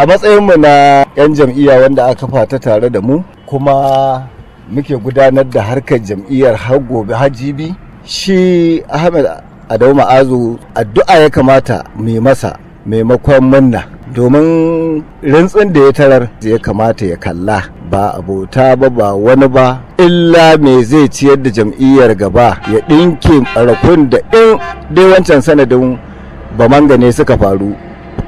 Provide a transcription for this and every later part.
a matsayin mu na 'yan jam'iyya wanda aka fata tare da mu kuma muke gudanar da harkar jam'iyyar har gobe hajibi shi ahmed adau ma'azu addu'a ya kamata mai masa maimakon munna domin rintsin da ya tarar ya kamata ya kalla ba abota ba ba wani ba illa mai zai ciyar da jam'iyyar gaba ya ɗinke rakun da in dai wancan sanadin ba mangane suka faru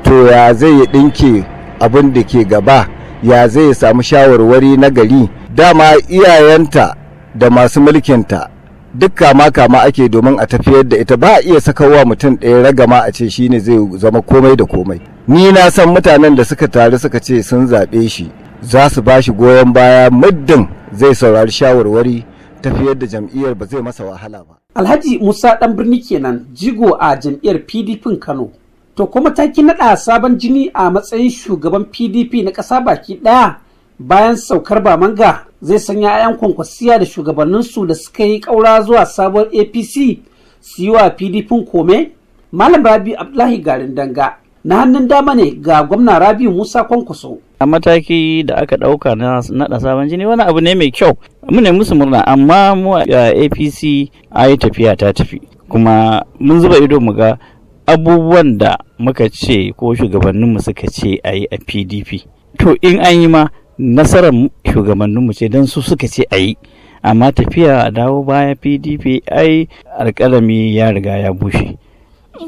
to ya zai ya ɗinke abin da ke gaba ya zai samu shawarwari na gari dama iyayenta da masu mulkinta duk kama kama ake domin a tafiyar da ita ba a iya sakawa mutum ɗaya ragama a ce shine zai zama komai da komai ni na san mutanen da suka taru suka ce sun zaɓe shi za su ba shi goyon baya muddin zai saurari shawarwari tafiyar da jam'iyyar ba zai masa wahala ba alhaji musa ɗan birni kenan jigo a jam'iyyar pdp kano to kuma ta naɗa sabon jini a matsayin shugaban pdp na ƙasa baki ɗaya bayan saukar ba manga zai sanya 'ya'yan kwankwasiya da shugabanninsu da suka yi ƙaura zuwa sabuwar apc su yi wa pdp kome malam rabi abdullahi garin danga na hannun dama ne ga gwamna rabi musa kwankwaso a mataki da aka ɗauka na naɗa sabon jini wani abu ne mai kyau mu ne musu murna amma mu a apc a yi tafiya ta tafi kuma mun zuba ido mu ga abubuwan da muka ce ko shugabanninmu suka ce a yi a pdp to in an yi ma nasarar shugabanninmu ce don su suka ce a yi amma tafiya a dawo baya pdp ai alkalami ya riga ya bushe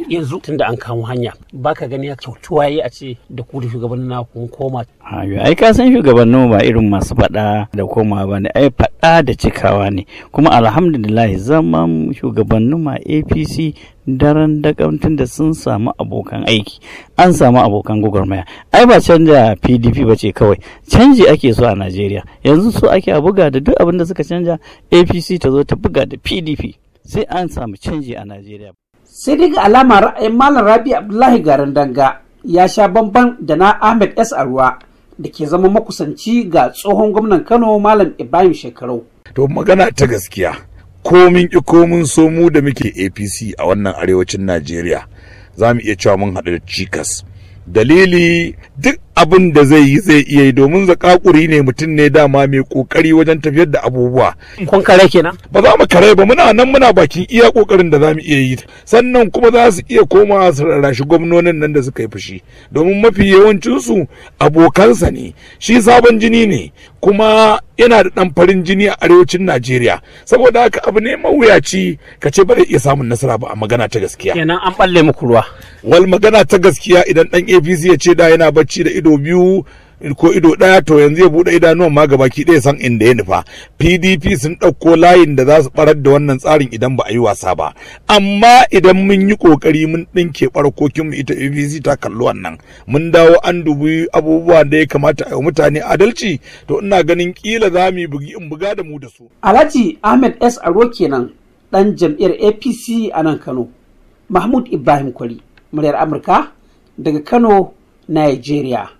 yanzu tun da an kamo hanya ba ka gani ya kyautuwa yi a ce da ku shugabannin na kun koma. ai ka san shugabannin ba irin masu faɗa da koma ba ne ai faɗa da cikawa ne kuma alhamdulillah zaman shugabannin ma apc daren dakamtun da sun samu abokan aiki an samu abokan gwagwarmaya ai ba canja pdp ba ce kawai canji ake so a najeriya yanzu so ake a buga da duk abin da suka canja apc ta zo ta buga da pdp sai an samu canji a najeriya sai dai ga alama ra'ayin malam rabi abdullahi garin danga ya sha bamban da na ahmed s arwa da ke zama makusanci ga tsohon gwamnan kano malam ibrahim shekarau to magana ta gaskiya komin ikomin so mu da muke apc a wannan arewacin najeriya za mu iya cewa mun haɗu da cikas dalili duk abin da zai yi zai iya yi domin zakakuri ne mutum ne dama mai kokari wajen tafiyar da abubuwa kun kare kenan ba za mu kare ba muna nan muna bakin iya kokarin da za mu iya yi sannan kuma za su iya koma su rarrashi gwamnonin nan da suka yi fushi domin mafi yawancinsu abokansa ne shi sabon jini ne kuma yana da ɗan farin jini a arewacin Najeriya saboda haka abu ne mawuyaci ka ce bari iya samun nasara ba a magana ta gaskiya kenan an balle muku ruwa wal magana ta gaskiya idan ɗan APC ya ce da yana bacci da ido ido biyu ko ido ɗaya to yanzu ya buɗe idanuwan ma gabaki ɗaya san inda ya nufa pdp sun ɗauko layin da za su ɓarar da wannan tsarin idan ba a yi wasa ba amma idan mun yi ƙoƙari mun ɗinke ɓarkokin mu ita apc ta kallo wannan mun dawo an dubi abubuwa da ya kamata a mutane adalci to ina ganin ƙila za mu bugi in buga da mu da su. alhaji ahmed s aro kenan ɗan jam'iyyar apc a nan kano mahmud ibrahim kwari muryar amurka daga kano nigeria.